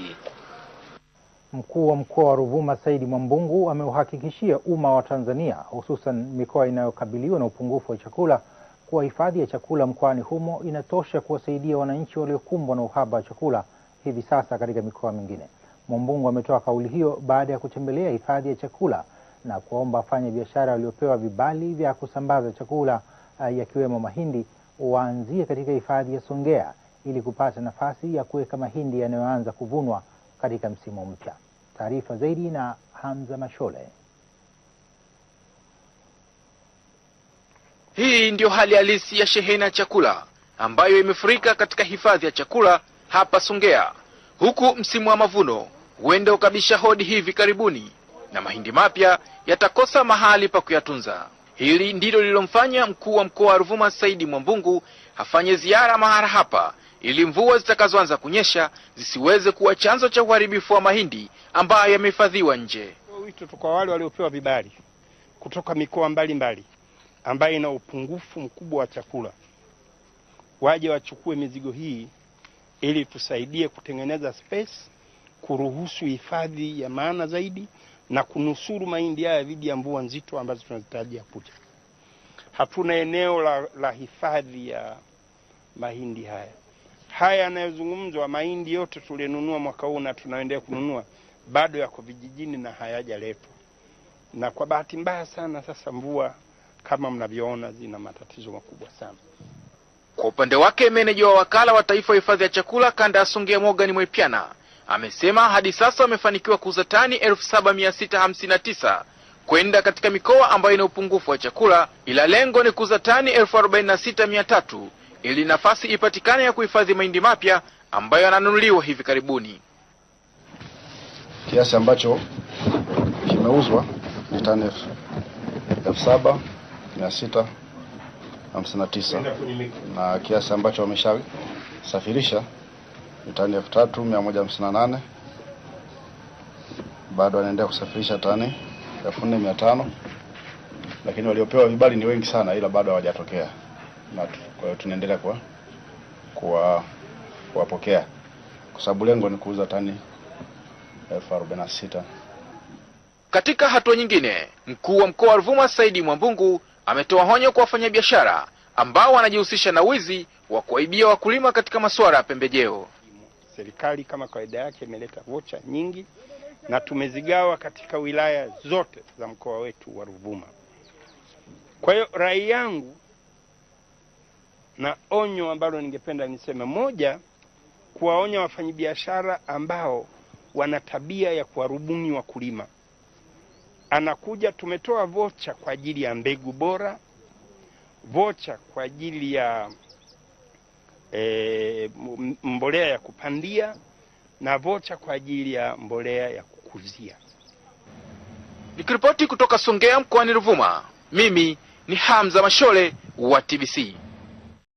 Masisi. Mkuu wa mkoa wa Ruvuma Saidi Mwambungu ameuhakikishia umma wa Tanzania hususan mikoa inayokabiliwa na upungufu wa chakula kuwa hifadhi ya chakula mkoani humo inatosha kuwasaidia wananchi waliokumbwa na uhaba wa chakula hivi sasa katika mikoa mingine. Mwambungu ametoa kauli hiyo baada ya kutembelea hifadhi ya chakula na kuwaomba wafanya biashara waliopewa vibali vya kusambaza chakula eh, yakiwemo mahindi waanzie katika hifadhi ya Songea ili kupata nafasi ya kuweka mahindi yanayoanza kuvunwa katika msimu mpya. Taarifa zaidi na Hamza Mashole. Hii ndiyo hali halisi ya shehena ya chakula ambayo imefurika katika hifadhi ya chakula hapa Songea, huku msimu wa mavuno huenda ukabisha hodi hivi karibuni na mahindi mapya yatakosa mahali pa kuyatunza. Hili ndilo lililomfanya mkuu wa mkoa wa Ruvuma Saidi Mwambungu afanye ziara mahara hapa ili mvua zitakazoanza kunyesha zisiweze kuwa chanzo cha uharibifu wa mahindi ambayo yamehifadhiwa nje. Wito kwa wale waliopewa vibali kutoka mikoa mbalimbali ambayo ina upungufu mkubwa wa chakula, waje wachukue mizigo hii ili tusaidie kutengeneza space, kuruhusu hifadhi ya maana zaidi na kunusuru mahindi haya dhidi ya mvua nzito ambazo tunazitarajia kuja. Hatuna eneo la, la hifadhi ya mahindi haya haya yanayozungumzwa, mahindi yote tulinunua mwaka huu na tunaendelea kununua bado yako vijijini na hayajaletwa, na kwa bahati mbaya sana sasa mvua kama mnavyoona zina matatizo makubwa sana. Kwa upande wake meneja wa wakala wa taifa wa hifadhi ya chakula kanda ya Songea Morgan Mwepiana amesema hadi sasa wamefanikiwa kuuza tani 7659 kwenda katika mikoa ambayo ina upungufu wa chakula, ila lengo ni kuuza tani 46300 ili nafasi ipatikane ya kuhifadhi mahindi mapya ambayo yananunuliwa hivi karibuni. Kiasi ambacho kimeuzwa ni tani elfu saba mia sita hamsini na tisa na kiasi ambacho wameshasafirisha ni tani elfu tatu mia moja hamsini na nane bado wanaendelea kusafirisha tani elfu nne mia tano lakini waliopewa vibali ni wengi sana, ila bado hawajatokea na kwa hiyo tunaendelea kwa kwa kuwapokea kwa sababu lengo ni kuuza tani elfu arobaini na sita. Katika hatua nyingine, mkuu wa mkoa wa Ruvuma Saidi Mwambungu ametoa honyo kwa wafanyabiashara ambao wanajihusisha na wizi wa kuwaibia wakulima katika masuala ya pembejeo. Serikali kama kawaida yake imeleta vocha nyingi na tumezigawa katika wilaya zote za mkoa wetu wa Ruvuma. Kwa hiyo rai yangu na onyo ambalo ningependa niseme, moja, kuwaonya wafanyabiashara ambao wana tabia ya kuwarubuni wakulima. Anakuja, tumetoa vocha kwa ajili ya mbegu bora, vocha kwa ajili ya e, mbolea ya kupandia na vocha kwa ajili ya mbolea ya kukuzia. Nikiripoti kutoka Songea mkoani Ruvuma, mimi ni Hamza Mashole wa TBC.